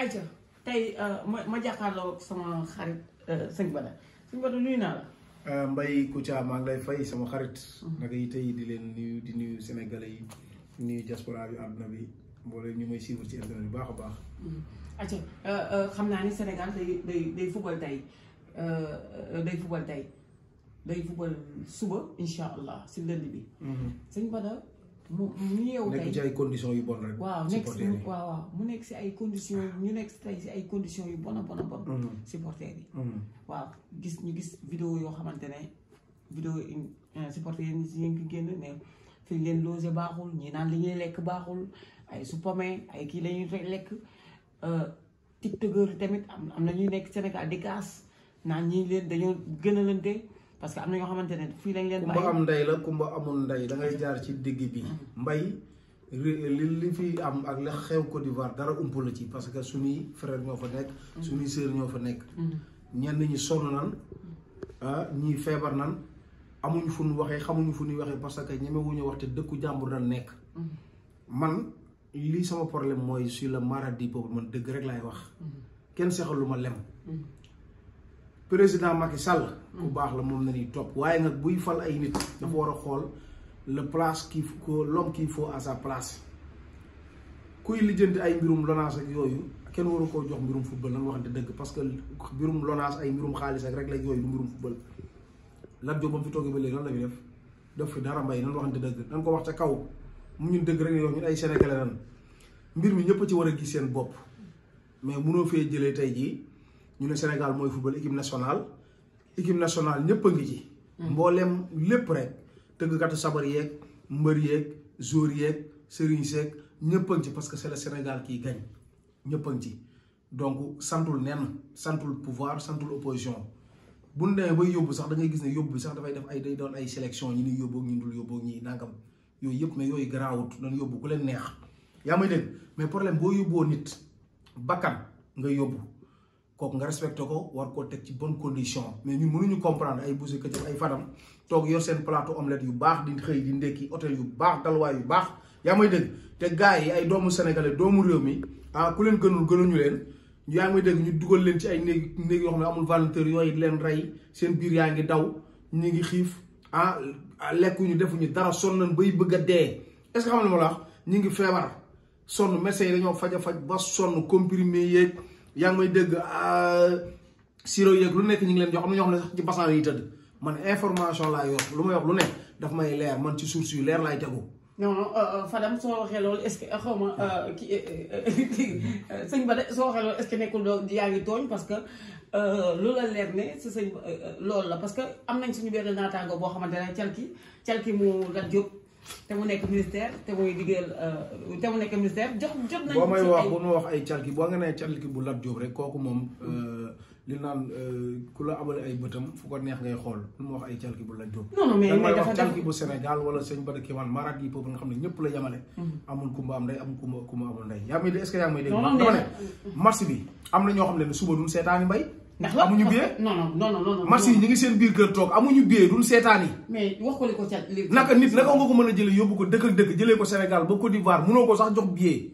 ayca tey euh, ma ma jàkkaarloo ak sama xarit euh, sëñ Bada sëñ Bada nuyu naa la. Euh, mbay Kouthia maa ngi fay sama xarit. Mm-hmm. naka yi tey di leen nuyu di nuyu sénégalais yi di nuyu diaspora bi àdduna bi mboole ñu may suivre ci internet bu baax a baax. Mm-hmm. ayca xam naa ni Sénégal day day day football tey day football tey day football suba incha allah si lënd bi. Mm-hmm. sëñ Bada. mu mu yeewu tey nekk ci ay conditions yu bon rek. waaw nekk si mu nekk si ay conditions ñu nekk tey si ay conditions yu bon a bon a bon. Mm-hmm. supporters yi. Mm-hmm. waaw gis ñu gis vidéo yoo xamante ne vidéo euh, supporters yi ñu ngi génn ne fi leen loger baaxul ñi naan li ñuy lekk baaxul ay su ay kii lañuy lekk euh, tiktokeur yi tamit am am na ñuy nekk Sénégal di kaas naan ñi leen dañoo gënalante. parce que am na ñoo xamante ne fii lañ leen. bàyyi kumba am ndey la kumba amul ndey dangay jaar ci digg bi. mbay li li fi am ak la xew Côte d'Ivoire dara ump la ci parce que su suñuy frère ñoo fa nekk. suñuy sœur ñoo fa nekk. ñenn ñi sonn nan ah, ñii feebar nan amuñ fu ñu waxee xamuñu fu ñuy waxee parce que ñemewuñu wax te dëkku jàmbur nan nekk. man lii sama problème mooy su le maradi boobu man dëgg rek laay wax. kenn seexalu ma lem. président Macky sal ku mm. baax la moom la ñuy topp waaye nag buy fal ay nit dafa war a xool le place kii faut l'homme qu'il faut à sa place kuy lijjanti ay mbirum lonaas ak yooyu kenn waru koo jox mbirum football lan waxante dëgg parce que mbirum lonaas ay mbirum xaalis ak rek la yooyu du mbirum football Lat Diop ba mu fi toogee ba léegi lan la def def fi dara mbay nan waxante dëgg nan ko wax ca kaw mu ñu dëgg rek yow ñu ay sénégalais lan mbir mi ñëpp ci war a gis seen bopp mais munoo fee jëlee tey jii. ñu ne Sénégal mooy football équipe nationale équipe nationale ñëpp a ngi ci. mbooleem lépp rek tëggkatu sabar yeeg mbër yeeg joueur yeeg sëriñ seeg ñëpp a ci parce que c'est Sénégal qui gagne ñëpp a ngi ci. donc santul nenn santul pouvoir santul opposition bu ñu demee bay yóbbu sax da gis ne yóbbu bi sax dafay def ay day doon ay sélection ñi ñuy yóbbu ak ñi dul yóbbu ak ñi yooyu yëpp mais yooyu garaawut doon yóbbu ku leen neex yaa may dégg mais problème boo nit bakkan nga yóbbu. kooku nga respecté ko war koo teg ci bon condition mais ñu mënuñu comprendre ay bouse këccëg ay fadam toog yor seen plateau omelette yu baax di xëy di ndekki hôtel yu baax dalwaay yu baax yaa may dégg te gars yi ay doomu sénégalais doomu réew mi ah ku leen gënul gënuñu leen yaa may dégg ñu dugal leen ci ay néeg néeg yoo xam ne amul volontaire yooyu leen rey seen biir yaa ngi daw ñu ngi xiif ah lekkuñu defuñu dara sonn nañ bay bëgg a dee est ce que la ñu ngi feebar sonn médecins yi dañoo faj a faj ba sonn comprimé yeeg yaa ngi may dégg ah, siro yeeg lu nekk ñu leen jox am na ñoo xam ne sax ci basaan yi tëdd man information laa yor lu may wax lu ne dafa may leer man ci source yu leer laay tegu. non euh, euh, Fadam soo waxee loolu est euh, xaw ma kii sëñ Ba de soo waxee loolu est nekkul doo yaa ngi tooñ parce que lu la leer ne si sëñ loolu la parce que am nañ suñu benn naataango boo xamante ne calki calki mu la jóg. te mu nekk ministère te muy naik minister euh, mu nekk ministère jox jox nañu. boo may wax bu ñu wax ay calki boo nga nee calki bu Lat job rek kooku moom. Euh, li naan euh, ku la abal ay bëtam fu ko neex ngay xool lu mu wax ay calki bu Lat Diop. non non mais mais dafa calki bu Sénégal wala sëñ Bada Kéwàne maraat yi nga xam ne la yamale. Mm-hmm. amul kumba am ndey amul kumba kumba amul ndey yaa est-ce que yaa may dégg. non non non bi am na ñoo suba duñ seetaani mbay. ndax amuñu billet non non non non non. marché yi ñu ngi seen biir kër toog amuñu billet duñ seetaan mais wax ko li ko ca naka nit naka nga ko mën a jëlee yóbbu ko dëkk dëkk jële ko Sénégal ba Côte d'Ivoire mënoo ko sax jox billet.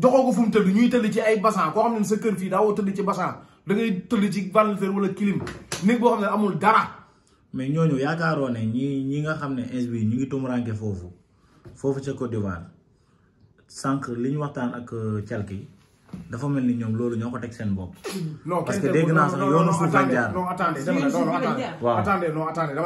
joxoo ko fu mu tëdd ñuy tëdd ci ay bassan koo xam ne sa kër fii daawoo tëdd ci bassan da ngay tëdd ci ventilateur wala clim néeg boo xam ne amul dara. mais ñooñu yaakaaroo ne ñi ñi nga xam ne SBI ñu ngi tumuranke foofu foofu ca Côte d'Ivoire sànq li ñu waxtaan ak euh, calki dafa mel ni ñoom loolu ñoo ko teg seen bopp. Mm-hmm. non parce que dégg naa sax yoonu suuf lañ jaar non attendez ne non attendez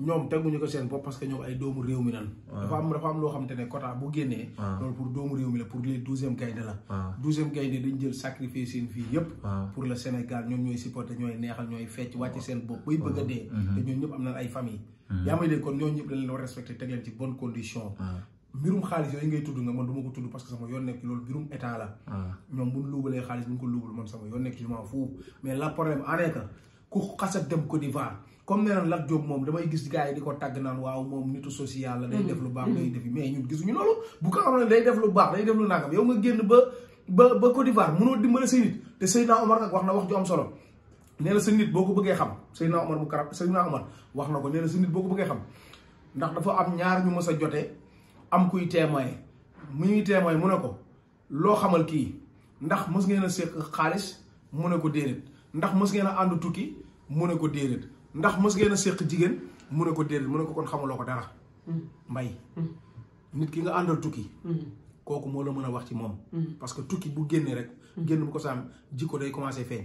non attendez ko seen bopp parce que ñoom ay doomu réew mi nan. xam ne quota bu génnee. loolu pour doomu réew mi la pour les douzième gaynde la. waaw douzième dañ jël sacrifier seen vie yëpp. pour le Sénégal ñoom ñooy supporter ñooy neexal ñooy fecc wàcc seen bopp bay bëgg dee. Mm-hmm. te ñooñu ñëpp am nañ ay famille. Mm-hmm. yaa may dégg kon ñooñu ñëpp dañ leen war respecté teg ci bonne condition mbirum xaalis yooyu ngay tudd nga man du ma ko tudd parce que sama yoon nekk loolu mbirum état la. Ah. ñoom bu ñu luubalee xaalis bu ñu ko luubal man sama yoon dem Côte d'Ivoire comme nee na moom damay gis gars yi di ko tàgg naan waaw moom nitu social la. day def lu baax day mm-hmm. gisuñu loolu. bu ko xam ne day lu baax day def lu nangam yow nga génn ba ba ba Côte d'Ivoire mënoo dimbale say nit te Seydina Omar wax na wax ju solo. nee na sa nit boo ko bëggee xam Seydina Omar bu karab Seydina Omar wax na ko nee na sa nit boo ko bëggee xam ndax dafa am ñaar ñu ma a jotee am kuy témoin mu ñuy témoin mu ne ko loo xamal kii ndax mës ngeen a séq xaalis mu ne ko déedéet ndax mës ngeen ànd tukki mu ne ndax mës ngeen a séq jigéen mu ne ko déedéet mu ne ko kon xamuloo ko dara mm-hmm. mbay mm-hmm. nit ki nga àndal tukki mm-hmm. kooku moo la mën a wax ci moom parce que tukki bu génnee rek génn bu ko saam jikko day commencé feeñ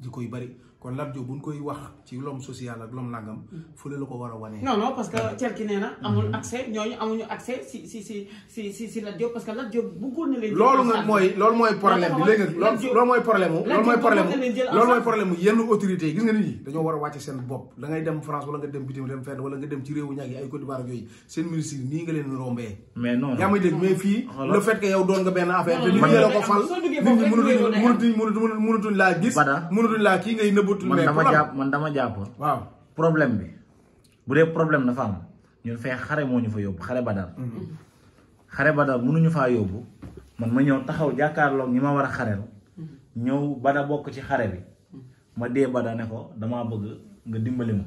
jikko yu bari kon labjo buñ koy wax ci lom social ak lom nangam mm. fële lako wara war non non parce que ah. tel ki na amul mm-hmm. accès ñooñu amuñu accès si si si si si si labjo parce que labjo bu ko na leen lolu nga moy lolu moy problème bi léegi lolu moy problème lolu moy problème lolu moy problème yenn autorité gis nga nit ñi dañoo war a wàcc seen bopp da ngay dem France wala nga dem bitim dem fenn wala nga dem ci réewu ñag yi ay Côte d'Ivoire yoy sen ministre ni nga leen rombé mais non yamay may dégg mais fi le fait que yow doon nga ben affaire te nit ñi la ko fal nit mënu mënu mënu la gis mënu la ki ngay neub wut. mais man dama jàpp problem nafam? jàppoon. waaw problème bi bu problème dafa am ñun fee xare moo fa yóbbu xare badar mm-hmm. xare badar mënuñu faa yóbbu man ma ñëw taxaw jàkkaarloog ñi ma war a mm-hmm. bada bokk ci bi mm-hmm. ma dee bada ne ko damaa bëgg nga dimbali ma.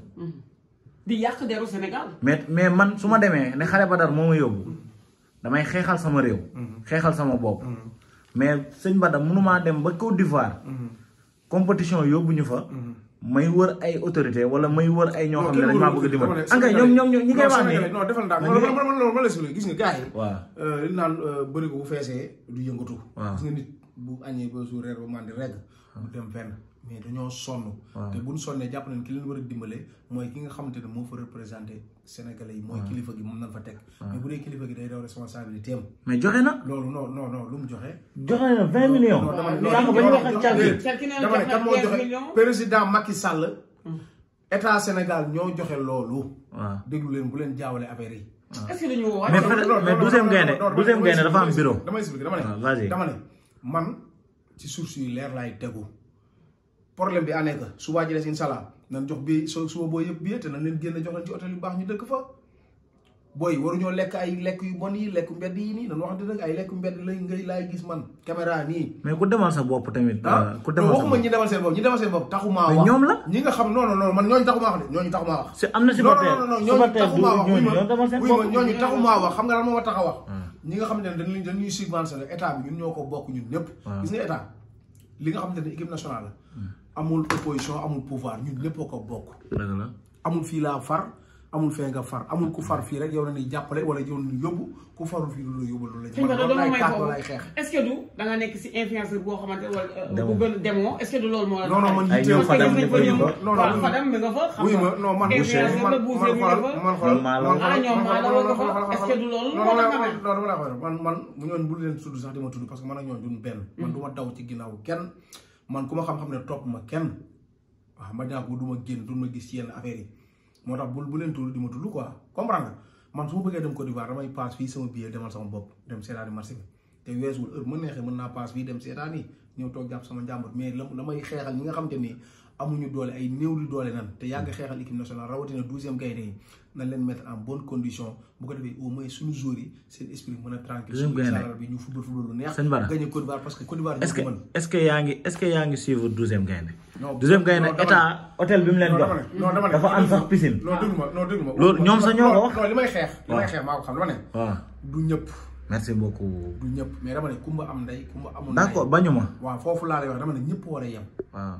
di yàq deru Sénégal. mais man su ma demee ne xare badar moo ma damay xeexal sama réew. xeexal sama bopp. mais sëñ Bada mënumaa dem ba Côte d'Ivoire. compétition yóbbu ñu fa. Mm-hmm. may wër ay autorité wala may wër ay ñoo xam ne dañ maa bëgg dimbali. engrais ñoom ñoom ñi ngay wax nii non defal naa man man la expliqué yi. waaw euh, li naan euh, bëri ko bu feesee du yëngatu. waaw gis nga nit bu añee ba su reer ba màndi reg du dem fenn. mais dañoo sonn. te bu ñu sonnee jàpp nañ ki leen war a dimbale mooy ki nga xamante ne moo fa représenté Sénégalais yi. mooy kilifa gi moom nañ fa teg. mais bu dee kilifa gi day daw responsabilité am. mais joxe na. loolu non non non lu mu joxe. joxe na vingt millions. dama ne sànq ba ñu wax ak Calvi. dama ne kan moo joxe président Macky hmm. joxe loolu. waaw déglu leen bu leen jaawale affaire yi. est-ce que dañu woo. mais mais douzième gaynde douzième gaynde dafa am bureau. dama expliqué dama ne dama ne man ci source yu leer laay tegu problème bi à nekk subaa ji des incha allah nan jox bi so suba booy yëpp bi te nan leen génn jox lekk ay lekk yu yi lekk mbedd yi nii nan wax dëgg gis man caméra nii. mais ku demal sa bopp tamit. Ah, euh, ku demal sa bopp waxuma ñi demal seen bopp bopp taxumaa wax ñoom la ñi nga xam non non non man ñooñu taxumaa wax de ñooñu taxumaa wax. si ma tax a hmm. xam ne dañuy dañuy subventionné état bi ñun ñoo ko bokk ñun ñëpp hmm. gis nga état li nga xam ne équipe nationale amul opposition amul pouvoir ñu ñëpp a ko bokk. amul fii laa far amul fee nga far amul ku far fii rek yow na ni jàppale wala yow na yóbbu ku farul fii loolu yóbbu loolu man da nga nekk si influenceur boo xamante wala. bu gën demoo est-ce que du loolu moo la. non non man yittewul Fadam man Fadam mi nga fa. man. influenceur la bu leen tudd sax dama tudd parce que man ak ñoom duñ benn. man du daw ci ginnaaw kenn man ku ma xam-xam ne topp ma kenn waa ma dinaa ko du ma génn du ma gis ci yenn affaire yi moo tax bul bu leen tudd di ma tudd quoi comprendre nga man su ma bëggee dem Côte d'Ivoire damay paas fii sama billet demal sama bopp dem seetaani marché bi te weesuwul heure ma neexee mën naa paas fii dem seetaani ñëw toog jàpp sama njàmbur mais la may xeexal ñi nga xam te ni amuñu doole ay néew lu doole nan te yàgg hmm. xeexal équipe nationale rawatina douzième gaynde yi nañ leen mettre en bonne condition bu ko defee au suñu joueurs seen esprit mën a tranquille suñu salar neex gagné Côte d'Ivoire parce que Côte d'Ivoire ñu mën est-ce que yaa ngi hôtel bi mu leen jox dafa am sax piscine non dégg ma loolu ñoom sa ñoo li may xeex li may xeex maa xam dama ne ñëpp merci beaucoup. du ñëpp mais dama ne kumba am ndey kumba amul ndey d'accord bañu ma waaw foofu laa wax dama ne ñëpp war a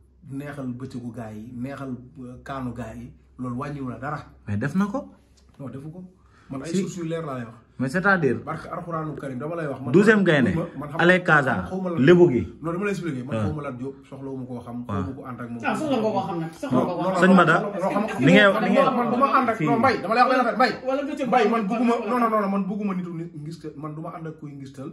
neexal bëccëgu gaa yi neexal kaanu gaa yi loolu wàññiwu na dara. mais def na ko. non ko man ay sources yu leer laa lay wax. mais c'est-à-dire. barke alxuraanu karim lay wax. man douzième gaynde ale Kaza lébu gi. non dama lay expliquer man xawma Lat Diop ma koo xam. waaw xawma ko ànd ak moom. ah nga koo xam nag. soxla nga koo ni ngay ni ngay man du ma ànd ak non mbay mbay. man bugguma non non man bugguma nit ngis man du ma ànd ak kuy ngistal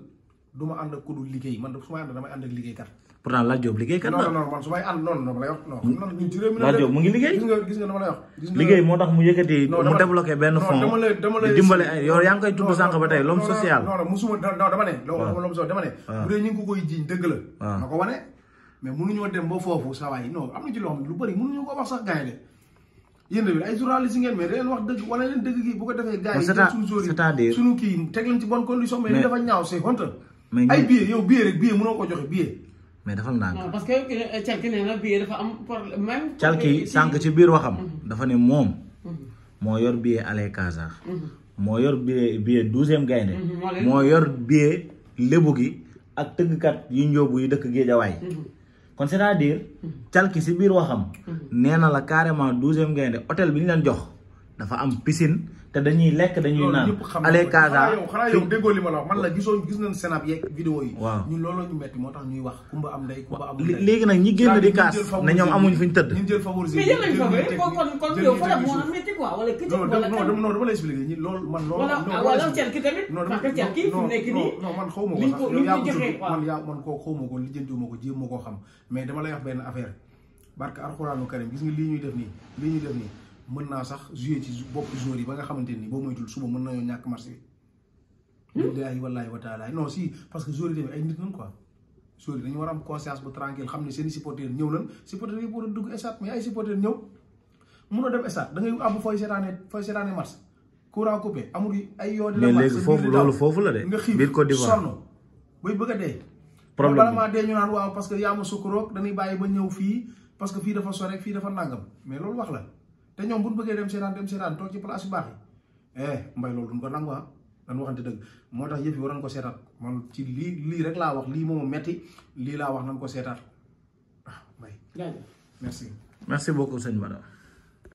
du ma ànd ak ku dul liggéey man su ma ànd damay ànd ak liggéeykat pour Lat Diop liggéey kan la. non non man su may ànd noonu dama lay wax non. Lat Diop mu ngi liggéey. wax. gis nga liggéey moo tax mu yëkkati. mu débloqué benn fond. dimbale ay yow tudd sànq ba tey l'homme social. non non musuma non dama ñu ah. ah. ngi ko ah. dem ba foofu saa waay am na ci loo xam ne lu bëri mënuñoo ko wax sax gars yi de yéen tamit ay journaliste ngeen mais daleen wax dëgg wala leen dëgg gi bu ko defee gars yi suñu jour yi condition mais li dafa ñaaw c'est honte ay billet yow billet rek billet mënoo ko joxe billet mais defal naa parce que calki euh, nee na billet dafa am problème même calki sànq ci biir waxam mhm. dafa ne moom mhm. moo yor billet aller Casa mhm. moo yor billet billet douzième gaynde moo yor billet lébu gi ak tëggkat yu njóobu yu dëkk géejawaay kon c'est-à-dire calki si biir waxam nee na la carrément douzième gaynde hôtel bi ñu leen jox dafa am piscine te dañuy lekk dañuy naan ale Casa yow xanaa yow déggoo li ma la man la gisoo gis nañ sénap yeeg vidéo yi waaw ñun loolu ñu metti moo tax ñuy wax kumba am ndey léegi nag ñi génn di kaas na ñoom amuñ fuñ tëdd ñun jël favorisé mais yéen lañ ko kon kon yow fa la moo man loolu wala cel ah, ki tamit non parce que cel ki fu nekk nii non man ko yow ma koo xam mais dama lay wax benn affaire barke alxuraanu karim gis nga lii ñuy def nii lii ñuy def nii mën naa sax jouer ci bopp joueur yi ba nga xamante ni boo moytul suba mën nañoo ñàkk marché hmm? bi. wallahi wa taala non si parce que joueur yi tamit ay nit nañ quoi. joueur yi dañu war am conscience bu tranquille xam ne seen i ñëw lan supporters yi dugg mais ay ñëw mënoo dem da ngay fooy fooy courant coupé amul ay yoo di la mais léegi foofu loolu foofu la de nga xiif biir Côte d'Ivoire sonn bëgg a dee problème ma sukkuroog bàyyi ba ñëw fii parce que fii dafa sore fii dafa nangam mais loolu wax la te ñoom bu ñu bëggee dem seetaan dem seetaan toog ci place yu baax yi eh mbay loolu duñ ko nangu ah dañ waxante dëgg moo tax yëf yi waroon ko seetaat man ci lii lii rek laa wax lii moom metti lii laa wax nañ ko seetaat ah mbay. merci. merci beaucoup sëñ Bada.